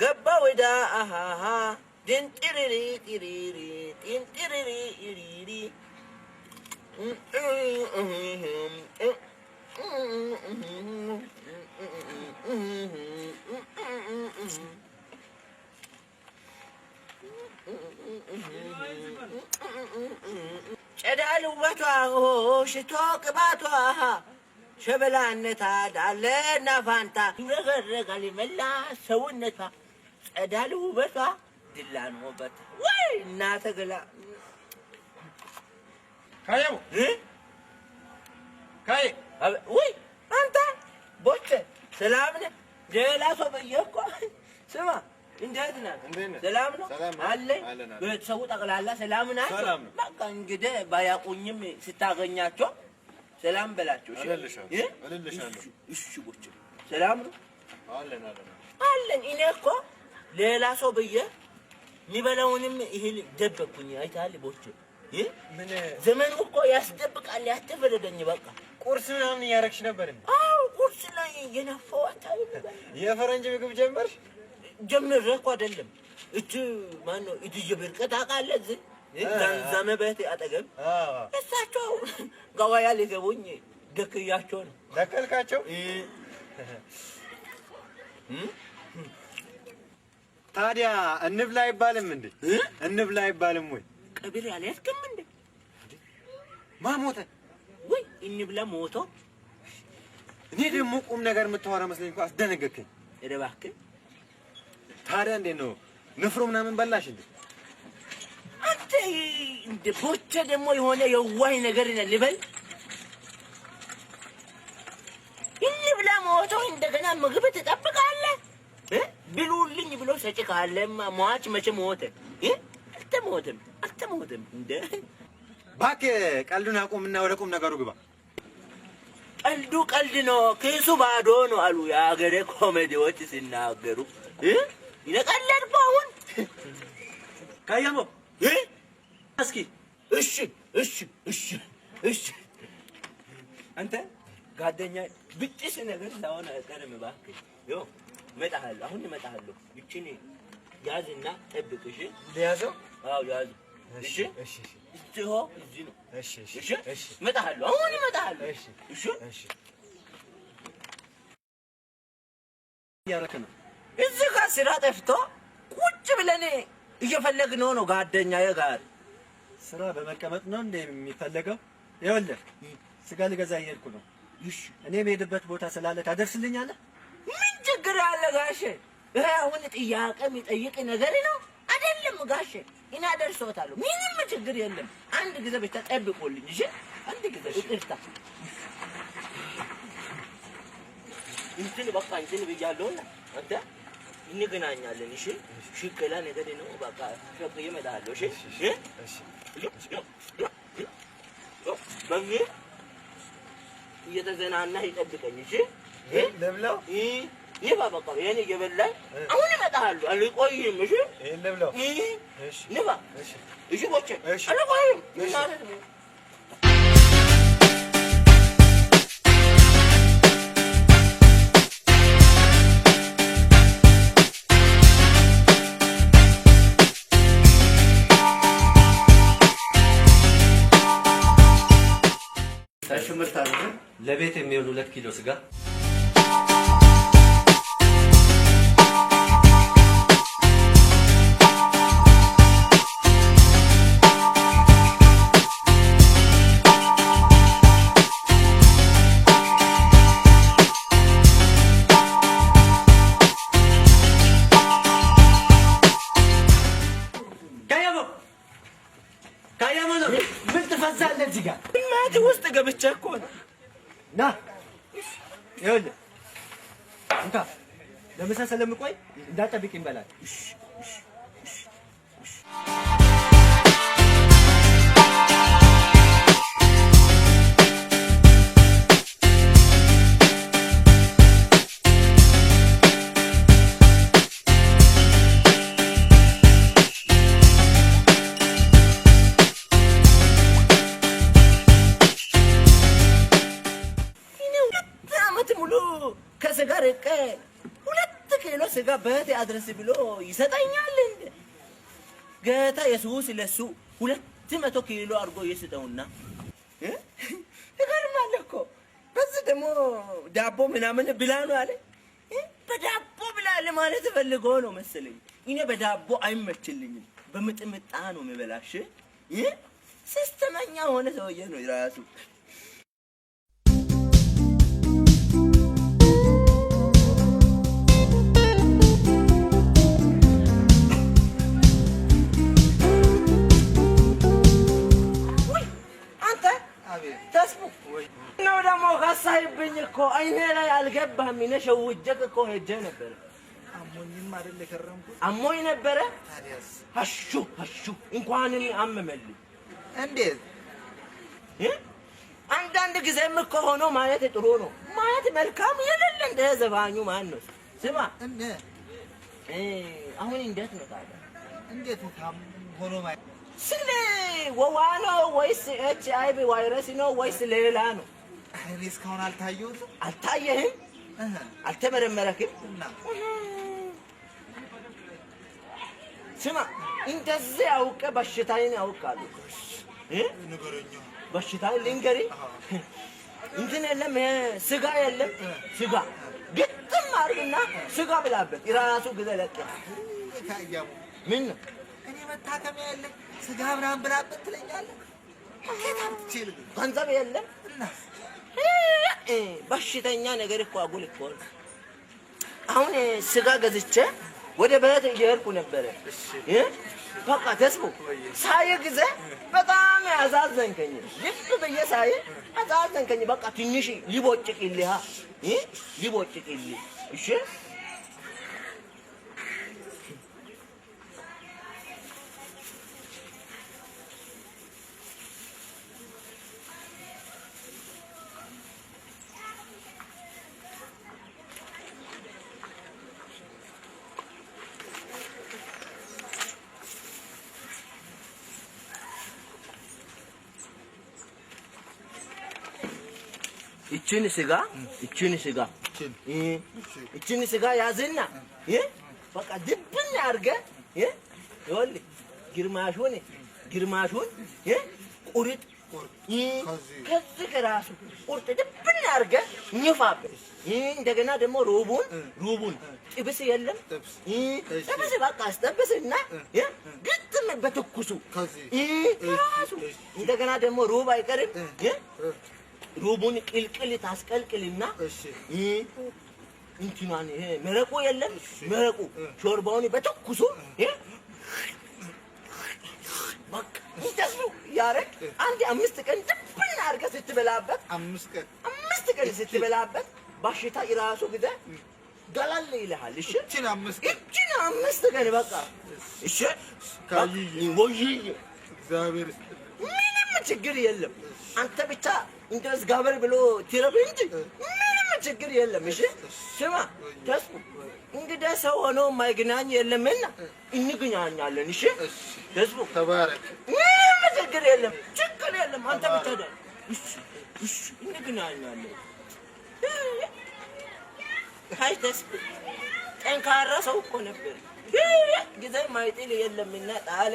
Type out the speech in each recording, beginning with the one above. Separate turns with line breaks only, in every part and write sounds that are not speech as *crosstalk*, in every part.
ገባ ወዳ አሃሃ ድንጢሪሪ ጢሪሪ ጢንጢሪሪ ኢሪሪ ጨዳ ልውበቷ ሽቶ ቅባቷ ሸበላነታ እና ፋንታ ይረገረጋል መላ ሰውነቷ ጸዳል ውበቷ ድላን ውበቷ ወይ እና ተገላ
ካየው ካይ
ወይ አንተ ቦቼ ሰላም ነህ? ሌላ ሰው በየህ እኮ ስማ እንዴት ነህ? ሰላም ነው አለኝ። ቤተሰቡ ጠቅላላ ሰላም ናቸው። በቃ እንግዲህ ባያቁኝም ስታገኛቸው ሰላም በላቸው። ሰላም ነው አለን። እኔ እኮ ሌላ ሰው ብዬ የሚበላውንም ይህል ደበቅኩኝ። አይተሃል ቦቼ፣ ዘመኑ እኮ ያስደብቃል። ያተፈረደኝ በቃ
ቁርስ ምናምን እያደረግሽ ነበር።
አዎ ቁርስ ላይ የነፋው
የፈረንጅ ምግብ ጀመርሽ?
ጀምሬ እኮ አይደለም። እቺ ማነው እትዬ ብርቅት አውቃለህ እዚህ ገንዘምበት አጠገብ እሳቸው ገዋያ ሊገቡኝ ደክያቸው ነው።
ደከልካቸው። ታዲያ እንብላ አይባልም እንዴ? እንብላ አይባልም ወይ? እንዴ? ማሞተ
ወይ እንብላ ሞቶ።
እኔ ደግሞ ቁም ነገር የምታወራ መስለኝ እኮ አስደነገጥከኝ። እባክህ ታዲያ እንዴት ነው ንፍሮ ምናምን በላሽ እንዴ?
አንተ ቦርቻ ደግሞ የሆነ የዋይ ነገር ልበል ብላ ሞቶ እንደገና ምግብ ትጠብቃለህ። ብሉልኝ ብሎ ሰጪ ካለማ ሟች መቼ ሞተ? አልተሞተም፣ አልተሞተም። እንደ
እባክህ ቀልዱን አቁምና ወደ ቁም ነገሩ ግባ።
ቀልዱ ቀልድ ነው፣ ኪሱ ባዶ ነው አሉ የአገሬ ኮሜዲዎች ሲናገሩ። አሁን
ከየሞ እስኪ
እሺ፣ እሺ፣ እሺ፣ እሺ። አንተ ጓደኛ ብጥስ ነገር ሳይሆን አይቀርም። እባክህ ይኸው እመጣለሁ፣ አሁን እመጣለሁ። ይቺን ያዝና ጠብቅ። እሺ፣ ልያዘው? አዎ፣ ልያዘው። እሺ፣ እሺ፣ እዚሁ
እዚህ ነው። እሺ፣ እሺ፣
እሺ፣ እመጣለሁ፣ አሁን እመጣለሁ። እሺ፣ እሺ፣ እሺ። ያረከ ነው እዚህ ጋር ስራ ጠፍቶ ቁጭ ብለን እየፈለግነው ነው ጓደኛዬ ጋር
ስራ በመቀመጥ ነው እንደ የሚፈለገው? ይኸውልህ ስጋ ልገዛ እየሄድኩ ነው። እሺ እኔ የምሄድበት ቦታ ስላለ ታደርስልኛለህ?
ምን ችግር አለ ጋሼ? አሁን ጥያቄ የሚጠይቅ ነገር ነው አይደለም ጋሼ? እና ደርሶታል። ምንም ችግር የለም። አንድ ጊዜ ብቻ ጠብቆልኝ እሺ አንድ ጊዜ ይቅርታ። እንትን በቃ እንትን ብያለሁና አንተ እንገናኛለን። እሺ እሺ። ከላ ነገር ነው በቃ ሸቅዬ እመጣለሁ። እሺ እሺ። በዚህ እየተዘናናህ ይጠብቀኝ። እሺ ልብላው። ንባ በቃ ይሄን እየበላኝ አሁን እመጣለሁ። አልቆይም። እሺ ልብላው። ንባ እሺ። ቦቼ አልቆይም።
ሽምርት አድርገን ለቤት የሚሆን ሁለት ኪሎ ስጋ ታያመዞ
ምን ትፈዛለህ እዚህ ጋር? እናቴ ውስጥ ገብቼ እኮ
ና ይኸውልህ እንካ ለምሳ ስለምቆይ እንዳጠብቅ ይበላል።
በእህቴ አድረስ ብሎ ይሰጠኛል። እንደ ጌታ ኢየሱስ ለሱ ሁለት መቶ ኪሎ አድርጎ ይስጠውና ይገርማል እኮ በዚህ ደግሞ ዳቦ ምናምን ብላ ነው አለ። በዳቦ ብላ ለማለት ፈልጎ ነው መሰለኝ። እኔ በዳቦ አይመችልኝም፣ በምጥምጣ ነው የምበላሽ። ሲስተመኛ ሆነ ሰውዬ ነው ራሱ ተስቡ ነው ደግሞ ከሳይብኝ እኮ አይኔ ላይ አልገባም። ነሸውጀቅ እኮ ሄጄ ነበረ።
አሞኝም አይደል የከረምኩት፣
አሞኝ ነበረ። አሹ ሀሹ እንኳንም አመመል እንዴት አንዳንድ ጊዜም እኮ ሆኖ ማየት ጥሩ ነው። ማየት መልካም የሌለ እንደ ዘባኙ ማን ነው? ስማ አሁን እንዴት ነው ታዲያ?
እንዴት ሆኖ ማየት
ስለ ወባ ነው ወይስ ኤች አይ ቪ ቫይረስ ነው ወይስ ሌላ ነው?
እኔ እስካሁን አልታየሁትም።
አልታየህም? አልተመረመረክም? ስማ፣ እንደዚህ አውቀ በሽታዬን ያውቃሉ። በሽታዬን ልንገሪ፣ እንትን የለም ስጋ የለም ስጋ ግጥም አድርግና ስጋ ብላበት፣ ራሱ ጊዜ ለቀ ምን ነው
እኔ መታከሚያ የለም ስጋ ምናምን ብላበት ትለኛለህ።
ገንዘብ የለም በሽተኛ ነገር እኮ አጉል እኮ ነው። አሁን ስጋ ገዝቼ ወደ ቤት እየሄድኩ ነበረ። በቃ ተስቦ ሳየ ጊዜ በጣም ያዛዘንከኝ፣ ልብ ብዬ ሳየ አዛዘንከኝ። በቃ ትንሽ ሊቦጭቅልህ ሊቦጭቅልህ እሺ እችን ስጋ እችን ስጋ እችን ስጋ ያዝና በቃ ድብን አድርገህ ይኸውልህ፣ ግርማሹን ግርማሹን ቁርጥ ከዚህ ከራሱ ቁርጥ ድብን አድርገህ ንፋበት። እንደገና ደግሞ ሩቡን ሩቡን ጥብስ የለም ጥብስ በቃ አስጠብስና ግጥም በትኩሱ ከራሱ እንደገና ደግሞ ሩብ አይቀርም ሩቡን ቅልቅል ታስቀልቅልና እንትኗን መረቆ የለም መረቆ ሾርባውን በተኩሶ በቃ እንደሱ ያረግ አንድ አምስት ቀን ድብል አድርገህ ስትበላበት አምስት ቀን አምስት ቀን ስትበላበት በሽታ የራሱ ግደ ገላል ይልሃል። እሺ እቺን አምስት ቀን እቺን አምስት ቀን በቃ እሺ፣
ካይ ወይ እግዚአብሔር
ምንም ችግር የለም። አንተ ብቻ እንደው ጋበል ብሎ ትረፍ እንጂ ምንም ችግር የለም። እሺ ስማ ተስፉ እንግዲህ ሰው ሆኖ ማይግናኝ የለምና እንግናኛለን። እሺ ተስፉ ተባረክ። ምንም ችግር የለም፣ ችግር የለም። አንተ ብቻ ዳ እሺ፣ እሺ እንግናኛለን። ሀይ ተስፉ ጠንካራ ሰው እኮ ነበር፣ ጊዜ ማይጥል የለምና ጣለ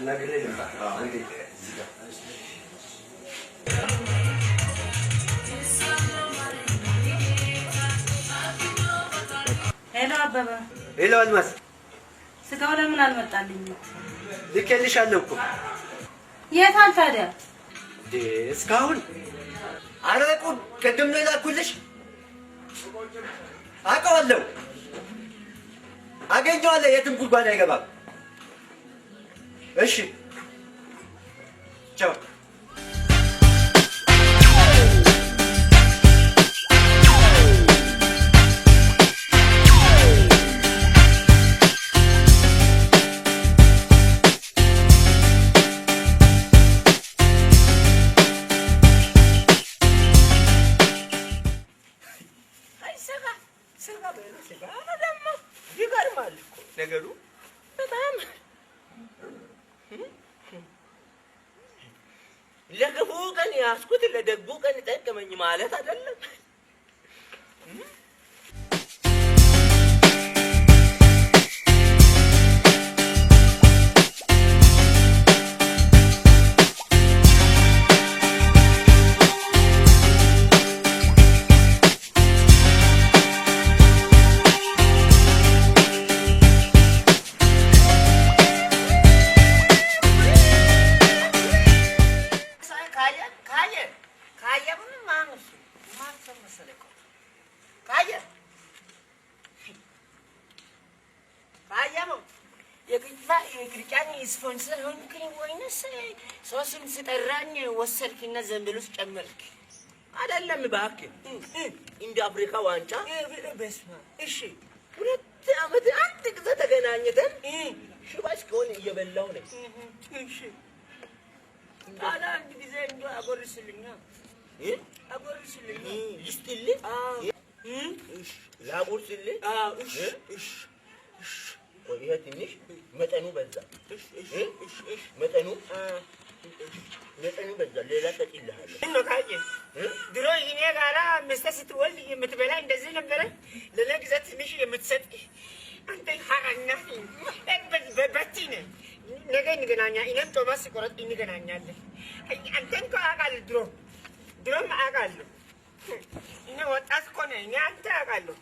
አናግሬ ልምጣ አንዴ ሄሎ አበባ፣ ሄሎ አልማዝ፣ ስጋው ለምን አልመጣልኝ
ልኬልሻለሁ እኮ።
የት አለ ታዲያ?
እስካሁን አረቁ ቅድም ነው የላኩልሽ። አውቀዋለሁ፣ አገኘዋለሁ። የትም ጉድጓድ አይገባም። እሺ ቻው። ነገሩ
ያስኩት *laughs* ለደጉ ቀን ጠቅመኝ ማለት አይደለም። የክርጫን ስፖንሰር ሆንክኝ ወይንስ ሶስም ስጠራኝ ወሰድክና ዘንብል ውስጥ ጨመርክ? አይደለም እባክህ፣ እንደ አፍሪካ ዋንጫ በስመ አብ። እሺ ሁለት ዓመት አንድ ጊዜ ተገናኝተን ሽባሽ ከሆነ እየበላሁ ነው። እሺ አንድ ጊዜ እንደው አጎርስልኛ አጎርስልኝ፣
ይስጥልኝ፣ ያጎርስልኝ። ይሄ ትንሽ መጠኑ በዛ፣ መጠኑ መጠኑ በዛ። ሌላ ሰጥልሃለሁ።
ድሮ ይኔ ጋራ ሚስትህ ስትወልድ የምትበላ እንደዚህ ነበረ። ሌላ ጊዜ ትንሽ የምትሰጥ አንተ ሀራና በቲ ነህ። ነገ እንገናኛ። እኔም ቶማስ ቆረጥ እንገናኛለን። አንተን እኮ አውቃለሁ፣ ድሮ ድሮም አውቃለሁ። እኔ ወጣት እኮ ነህ። እኔ አንተ አውቃለሁ።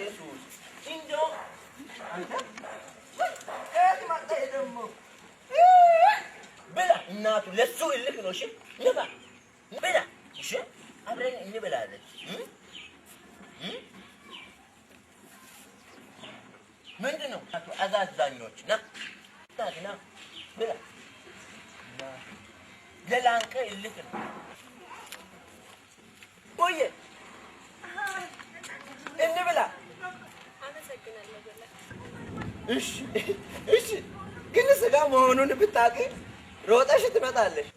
ኢየሱስ እንደው ብላ። እናቱ ለሱ እልክ ነው። እሺ ንባ ብላ። እሺ አብረን እንብላለን። ምንድን ነው አዛዛኞች ና ብላ። ለላንቀ እልክ ነው ቆየ እንብላ
እሺ፣ እሺ ግን ስጋ መሆኑን ብታውቂ ሮጠሽ ትመጣለሽ።